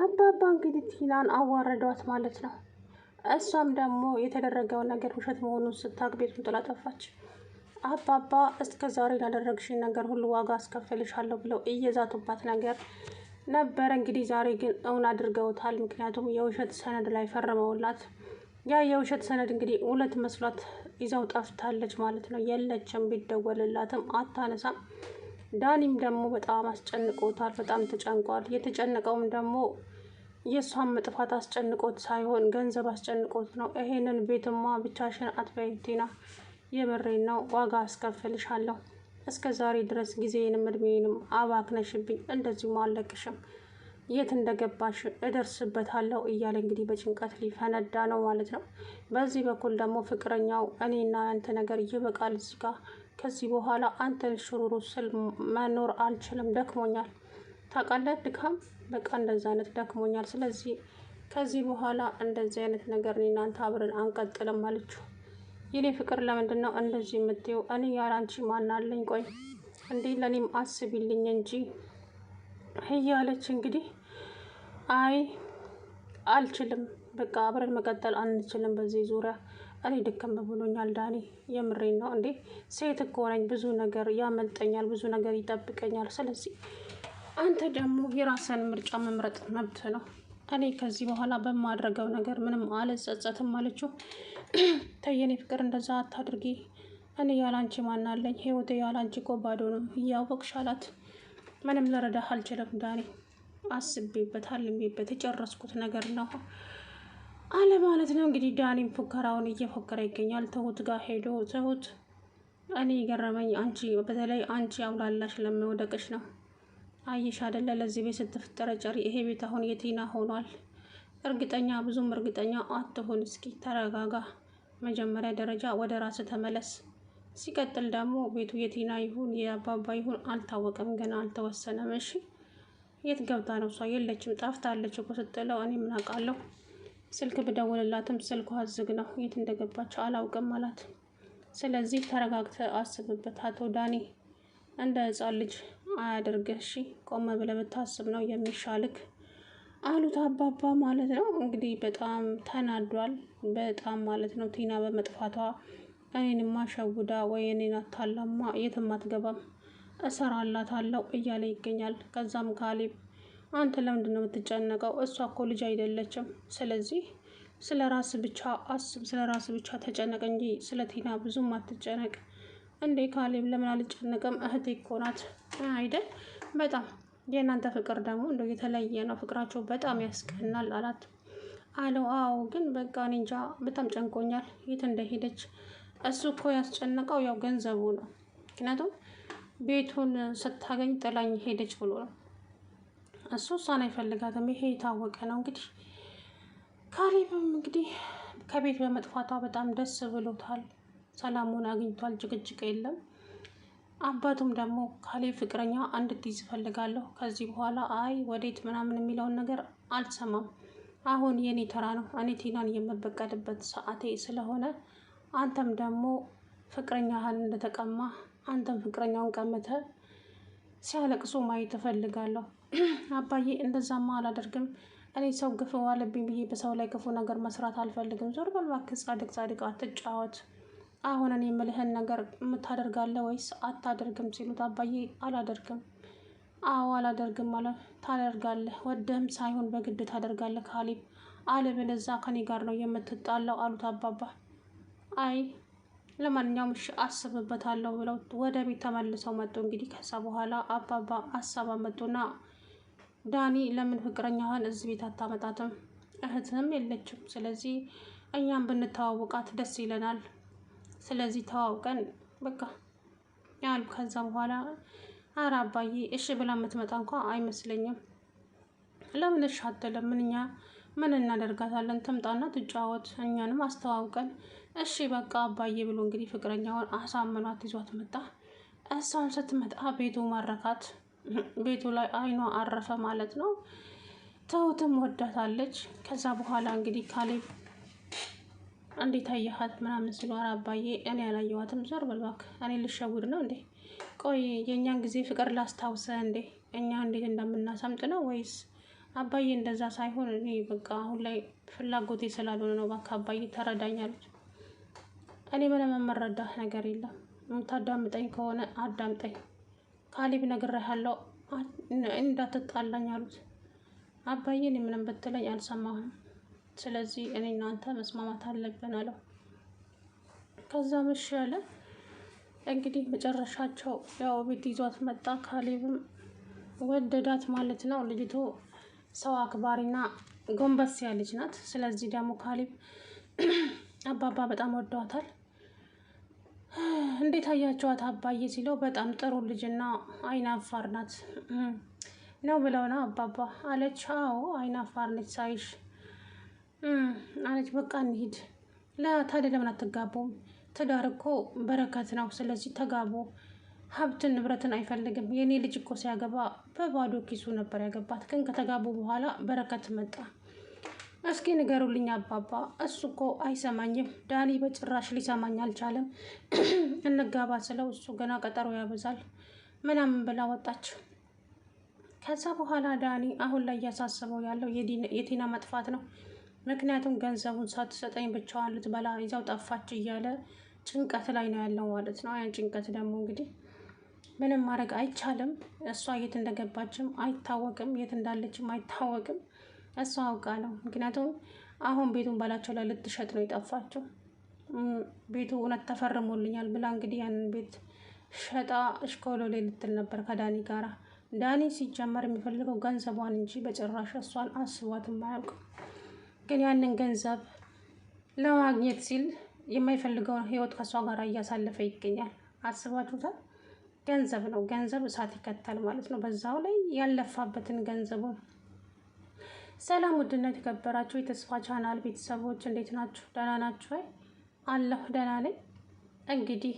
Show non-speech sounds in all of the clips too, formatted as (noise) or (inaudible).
አባባ እንግዲህ ቲናን አዋረዷት ማለት ነው። እሷም ደግሞ የተደረገውን ነገር ውሸት መሆኑን ስታቅ ቤቱን ጥላ ጠፋች። አባባ እስከ ዛሬ ላደረግሽኝ ነገር ሁሉ ዋጋ አስከፍልሻለሁ ብለው እየዛቱባት ነገር ነበረ። እንግዲህ ዛሬ ግን እውን አድርገውታል። ምክንያቱም የውሸት ሰነድ ላይ ፈርመውላት ያ የውሸት ሰነድ እንግዲህ ሁለት መስሏት ይዘው ጠፍታለች ማለት ነው። የለችም፣ ቢደወልላትም አታነሳም። ዳኒም ደግሞ በጣም አስጨንቆታል። በጣም ተጨንቋል። የተጨነቀውም ደግሞ የእሷን መጥፋት አስጨንቆት ሳይሆን ገንዘብ አስጨንቆት ነው። ይሄንን ቤትማ ብቻሽን አትበይም ቲና፣ የምሬን ነው፣ ዋጋ አስከፍልሻለሁ። እስከ ዛሬ ድረስ ጊዜንም እድሜንም አባክነሽብኝ፣ እንደዚሁም አለቅሽም፣ የት እንደገባሽ እደርስበታለሁ እያለ እንግዲህ በጭንቀት ሊፈነዳ ነው ማለት ነው። በዚህ በኩል ደግሞ ፍቅረኛው እኔና ያንተ ነገር ይበቃል እዚህ ጋር ከዚህ በኋላ አንተን ሽሩሩ ስል መኖር አልችልም፣ ደክሞኛል። ታውቃለህ፣ ድካም በቃ እንደዚ አይነት ደክሞኛል። ስለዚህ ከዚህ በኋላ እንደዚህ አይነት ነገር እናንተ አብረን አንቀጥልም አለችው። የኔ ፍቅር ለምንድን ነው እንደዚህ የምትይው? እኔ ያላንቺ ማናለኝ? ቆይ እንዴ ለእኔም አስቢልኝ እንጂ እያለች እንግዲህ አይ አልችልም፣ በቃ አብረን መቀጠል አንችልም በዚህ ዙሪያ እኔ ድክም ብሎኛል ዳኒ፣ የምሬን ነው እንዴ። ሴት እኮ ነኝ፣ ብዙ ነገር ያመልጠኛል፣ ብዙ ነገር ይጠብቀኛል። ስለዚህ አንተ ደግሞ የራስን ምርጫ መምረጥ መብት ነው። እኔ ከዚህ በኋላ በማድረገው ነገር ምንም አልጸጸትም አለችው። ተየኔ ፍቅር እንደዛ አታድርጊ፣ እኔ ያላንቺ ማናለኝ፣ ህይወቴ ያላንቺ እኮ ባዶ ነው እያወቅሽ አላት። ምንም ልረዳህ አልችልም ዳኒ፣ አስቤበት አልሜበት የጨረስኩት ነገር ነው። አለ ማለት ነው። እንግዲህ ዳኒም ፉከራውን እየፎከረ ይገኛል። ትሁት ጋር ሄዶ ትሁት እኔ የገረመኝ አንቺ በተለይ አንቺ አውላላሽ ለመውደቅሽ ነው። አየሽ አይደለ ለዚህ ቤት ጨሪ፣ ይሄ ቤት አሁን የቲና ሆኗል። እርግጠኛ ብዙም እርግጠኛ አትሆን እስኪ ተረጋጋ። መጀመሪያ ደረጃ ወደ ራስ ተመለስ። ሲቀጥል ደግሞ ቤቱ የቲና ይሁን የአባባ ይሁን አልታወቀም፣ ገና አልተወሰነም። እሺ የት ገብታ ነው እሷ? የለችም፣ ጠፍታለች እኮ ስትለው እኔ ምን አውቃለሁ ስልክ ብደውልላትም ስልኳ ዝግ ነው፣ የት እንደገባች አላውቅም አላት። ስለዚህ ተረጋግተ አስብበት አቶ ዳኒ፣ እንደ ህፃን ልጅ አያደርገ እሺ። ቆመ ብለ ብታስብ ነው የሚሻልክ አሉት አባባ ማለት ነው። እንግዲህ በጣም ተናዷል፣ በጣም ማለት ነው። ቲና በመጥፋቷ እኔንማ ሸውዳ ወይ እኔን አታላማ የትም አትገባም እሰራላታለሁ እያለ ይገኛል። ከዛም ካሌብ አንተ ለምንድን ነው የምትጨነቀው? እሷ እኮ ልጅ አይደለችም። ስለዚህ ስለ ራስ ብቻ አስብ፣ ስለ ራስ ብቻ ተጨነቅ እንጂ ስለ ቲና ብዙም አትጨነቅ። እንዴ ካሌብ፣ ለምን አልጨነቅም? እህቴ እኮ ናት አይደል? በጣም የእናንተ ፍቅር ደግሞ እንደው የተለየ ነው። ፍቅራቸው በጣም ያስቀናል አላት አለው። አዎ ግን በቃ እኔ እንጃ በጣም ጨንቆኛል፣ የት እንደሄደች። እሱ እኮ ያስጨነቀው ያው ገንዘቡ ነው። ምክንያቱም ቤቱን ስታገኝ ጥላኝ ሄደች ብሎ ነው። እሱ እሷን አይፈልጋትም። ይሄ የታወቀ ነው። እንግዲህ ካሌብም እንግዲህ ከቤት በመጥፋቷ በጣም ደስ ብሎታል። ሰላሙን አግኝቷል። ጭቅጭቅ የለም። አባቱም ደግሞ ካሌብ ፍቅረኛ እንድትይዝ እፈልጋለሁ፣ ከዚህ በኋላ አይ ወዴት ምናምን የሚለውን ነገር አልሰማም። አሁን የኔ ተራ ነው። እኔ ቲናን የምበቀልበት ሰዓቴ ስለሆነ አንተም ደግሞ ፍቅረኛህን እንደተቀማ አንተም ፍቅረኛውን ቀምተ ሲያለቅሱ ማየት እፈልጋለሁ። አባዬ እንደዛማ አላደርግም እኔ ሰው ግፍ ዋለብኝ ብዬ በሰው ላይ ክፉ ነገር መስራት አልፈልግም። ዞር በል እባክህ ጻድቅ ጻድቅ አትጫወት። አሁን እኔ የምልህን ነገር የምታደርጋለህ ወይስ አታደርግም? ሲሉት አባዬ አላደርግም። አዎ አላደርግም አለ። ታደርጋለህ፣ ወደህም ሳይሆን በግድ ታደርጋለህ ካሌብ፣ አለበለዚያ ከኔ ጋር ነው የምትጣለው አሉት አባባ። አይ ለማንኛውም እሺ አስብበታለሁ ብለው ወደ ቤት ተመልሰው መጡ። እንግዲህ ከዛ በኋላ አባባ አሳባ መጡና ዳኒ ለምን ፍቅረኛዋን እዚህ ቤት አታመጣትም? እህትም የለችም። ስለዚህ እኛም ብንተዋወቃት ደስ ይለናል። ስለዚህ ተዋውቀን በቃ ያሉ። ከዛ በኋላ አረ አባዬ እሺ ብላ የምትመጣ እንኳ አይመስለኝም። ለምን እሺ አትልም? እኛ ምን እናደርጋታለን? ትምጣና ትጫወት፣ እኛንም አስተዋውቀን። እሺ በቃ አባዬ ብሎ እንግዲህ ፍቅረኛውን አሳምኗት ይዟት መጣ። እሷን ስትመጣ ቤቱ ማረካት። ቤቱ ላይ አይኗ አረፈ ማለት ነው። ትሁትም ወዳታለች። ከዛ በኋላ እንግዲህ ካሌብ እንዴት አየሃት ምናምን ሲሏር አባዬ እኔ ያላየዋትም ዞር በል እባክህ። እኔ ልሸውድ ነው እንዴ? ቆይ የእኛን ጊዜ ፍቅር ላስታውሰ እንዴ? እኛ እንዴት እንደምናሰምጥ ነው ወይስ አባዬ እንደዛ ሳይሆን እኔ በቃ አሁን ላይ ፍላጎቴ ስላልሆነ ነው። እባክህ አባዬ ተረዳኛለች። እኔ ምንም የምረዳህ ነገር የለም። የምታዳምጠኝ ከሆነ አዳምጠኝ። ካሌብ ነግሬሃለሁ እንዳትጣላኝ አሉት። አባዬን የምንም ብትለኝ አልሰማሁም፣ ስለዚህ እኔ እናንተ መስማማት አለብን አለው። ከዛ ምሽ ያለ እንግዲህ መጨረሻቸው ያው ቤት ይዟት መጣ። ካሌብም ወደዳት ማለት ነው። ልጅቱ ሰው አክባሪና ጎንበስ ያለች ናት። ስለዚህ ደግሞ ካሌብ አባባ በጣም ወደዋታል። እንዴት አያቸዋት አባዬ ሲለው በጣም ጥሩ ልጅና አይናፋር ናት ነው ብለውና አባባ አለች። አዎ አይናፋር ነች ሳይሽ አለች። በቃ እንሂድ። ለታዲያ ለምን አትጋቡም? ትዳር እኮ በረከት ነው። ስለዚህ ተጋቡ። ሀብትን ንብረትን አይፈልግም። የእኔ ልጅ እኮ ሲያገባ በባዶ ኪሱ ነበር ያገባት። ግን ከተጋቡ በኋላ በረከት መጣ። እስኪ ንገሩልኝ አባባ። እሱ እኮ አይሰማኝም። ዳኒ በጭራሽ ሊሰማኝ አልቻለም። (clears throat) እንጋባ ስለው እሱ ገና ቀጠሮ ያበዛል ምናምን ብላ ወጣች። ከዛ በኋላ ዳኒ አሁን ላይ እያሳሰበው ያለው የቲና መጥፋት ነው። ምክንያቱም ገንዘቡን ሳትሰጠኝ ብቻዋን ልትበላ ይዛው ጠፋች እያለ ጭንቀት ላይ ነው ያለው ማለት ነው። ያን ጭንቀት ደግሞ እንግዲህ ምንም ማድረግ አይቻልም። እሷ የት እንደገባችም አይታወቅም፣ የት እንዳለችም አይታወቅም። እሷ አውቃ ነው። ምክንያቱም አሁን ቤቱን ባላቸው ላይ ልትሸጥ ነው የጠፋቸው። ቤቱ እውነት ተፈርሞልኛል ብላ እንግዲህ ያንን ቤት ሸጣ ላይ ልትል ነበር ከዳኒ ጋር ዳኒ ሲጀመር የሚፈልገው ገንዘቧን እንጂ በጭራሽ እሷን አስቧትም አያውቅም። ግን ያንን ገንዘብ ለማግኘት ሲል የማይፈልገውን ህይወት ከእሷ ጋር እያሳለፈ ይገኛል። አስባችሁታል? ገንዘብ ነው ገንዘብ እሳት ይከተል ማለት ነው። በዛው ላይ ያለፋበትን ገንዘቡን ሰላም ውድና የተከበራችሁ የተስፋ ቻናል ቤተሰቦች እንዴት ናችሁ? ደህና ናችሁ ወይ? አለሁ ደህና ነኝ። እንግዲህ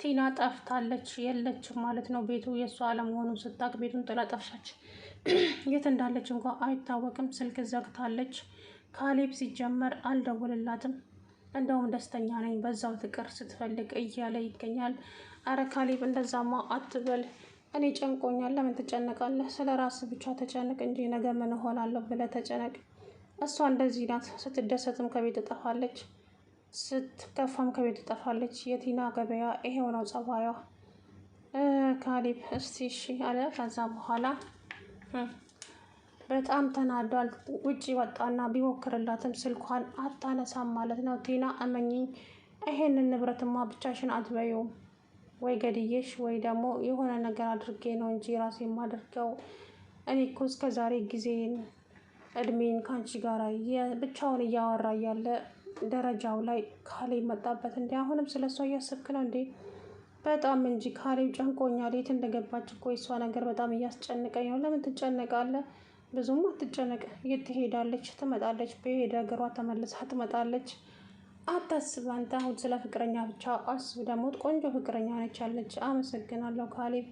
ቲና ጠፍታለች የለችም ማለት ነው። ቤቱ የእሷ አለመሆኑ ስታቅ ቤቱን ጥላ ጠፍሻች። የት እንዳለች እንኳ አይታወቅም። ስልክ ዘግታለች። ካሌብ ሲጀመር አልደውልላትም፣ እንደውም ደስተኛ ነኝ በዛው ትቅር ስትፈልግ እያለ ይገኛል። አረ ካሌብ እንደዛማ አትበል እኔ ጨንቆኛል። ለምን ትጨነቃለህ? ስለ ራስ ብቻ ተጨነቅ እንጂ ነገ ምን እሆናለሁ ብለህ ተጨነቅ። እሷ እንደዚህ ናት። ስትደሰትም ከቤት ትጠፋለች፣ ስትከፋም ከቤት ትጠፋለች። የቲና ገበያ ይሄው ነው ጸባዩ። ካሊብ እስቲ እሺ አለ። ከዛ በኋላ በጣም ተናዷል። ውጪ ወጣና ቢሞክርላትም ስልኳን አታነሳም ማለት ነው። ቲና እመኚኝ፣ ይሄንን ንብረትማ ብቻሽን አትበይውም ወይ ገድዬሽ ወይ ደግሞ የሆነ ነገር አድርጌ ነው እንጂ ራሴ የማደርገው። እኔ እኮ እስከ ዛሬ ጊዜን እድሜን ከአንቺ ጋር ብቻውን እያወራ እያለ ደረጃው ላይ ካሌ መጣበት። እንዲ አሁንም ስለ እሷ እያሰብክ ነው እንዴ? በጣም እንጂ ካሌብ ጨንቆኛል። የት እንደገባች እኮ የእሷ ነገር በጣም እያስጨንቀኝ ነው። ለምን ትጨነቃለ? ብዙም አትጨነቅ። የት ትሄዳለች? ትመጣለች። በሄደ እግሯ ተመልሳ ትመጣለች። አታስብ አንተ አሁን ስለ ፍቅረኛ ብቻ አስብ። ደግሞ ቆንጆ ፍቅረኛ ነች ያለች። አመሰግናለሁ ካሌብ፣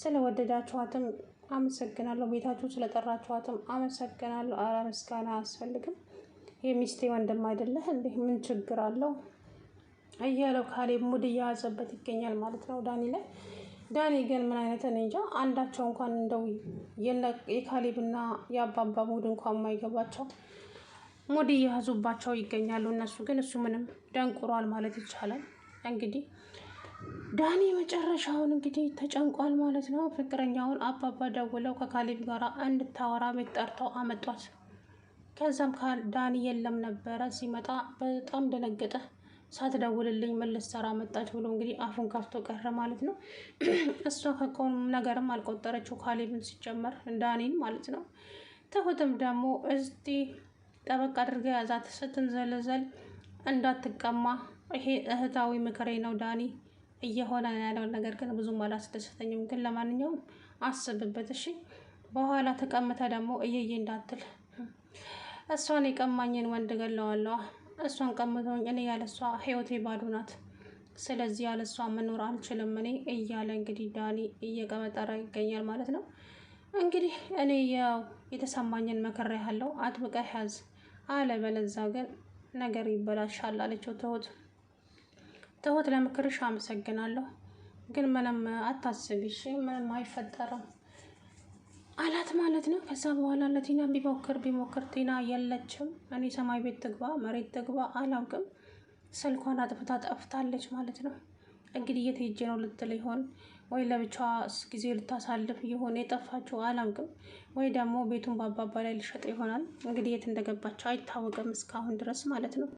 ስለወደዳችኋትም አመሰግናለሁ። ቤታችሁ ስለጠራችኋትም አመሰግናለሁ። አረ ምስጋና አያስፈልግም። የሚስቴ ወንድም አይደለህ እንዴ? ምን ችግር አለው እያለው ካሌብ ሙድ እየያዘበት ይገኛል ማለት ነው ዳኒ ላይ። ዳኒ ግን ምን አይነት እኔ እንጃ፣ አንዳቸው እንኳን እንደው የካሌብና የአባባ ሙድ እንኳን የማይገባቸው ሙዲ እየያዙባቸው ይገኛሉ። እነሱ ግን እሱ ምንም ደንቁሯል ማለት ይቻላል። እንግዲህ ዳኒ መጨረሻውን እንግዲህ ተጨንቋል ማለት ነው። ፍቅረኛውን አባባ ደውለው ከካሊብ ጋር እንድታወራ ቤት ጠርተው አመጧት። ከዛም ዳኒ የለም ነበረ። ሲመጣ በጣም ደነገጠ። ሳትደውልልኝ መለስ ሰራ መጣች ብሎ እንግዲህ አፉን ከፍቶ ቀረ ማለት ነው። እሷ ከቆም ነገርም አልቆጠረችው ካሊብን ሲጨመር ዳኒን ማለት ነው። ትሁትም ደግሞ እስቲ ጠበቅ አድርጋ ያዛት ስትንዘለዘል እንዳትቀማ። ይሄ እህታዊ ምክሬ ነው ዳኒ። እየሆነ ያለው ነገር ግን ብዙም አላስደሰተኝም። ግን ለማንኛውም አስብበት እሺ። በኋላ ተቀምተ ደግሞ እየዬ እንዳትል። እሷን የቀማኝን ወንድ ገለዋለዋ። እሷን ቀምቶኝ እኔ ያለሷ ህይወቴ ባዶ ናት። ስለዚህ ያለሷ መኖር አልችልም እኔ እያለ እንግዲህ ዳኒ እየቀመጠረ ይገኛል ማለት ነው። እንግዲህ እኔ ያው የተሰማኝን መከራ ያለው አጥብቀህ ያዝ አለበለዛ ግን ነገር ይበላሻል አለችው ትሁት። ትሁት ለምክርሽ አመሰግናለሁ፣ ግን ምንም አታስቢ እሺ፣ ምንም አይፈጠርም አላት ማለት ነው። ከዛ በኋላ ለቲና ቢሞክር ቢሞክር ቲና የለችም። እኔ ሰማይ ቤት ትግባ መሬት ትግባ አላውቅም። ስልኳን አጥፍታ ጠፍታለች ማለት ነው። እንግዲህ የት ሄጄ ነው ልትል ይሆን? ወይ ለብቻዋ ጊዜ ልታሳልፍ የሆነ የጠፋችው አላውቅም። ወይ ደግሞ ቤቱን በአባባ ላይ ልሸጥ ይሆናል እንግዲህ የት እንደገባቸው አይታወቅም እስካሁን ድረስ ማለት ነው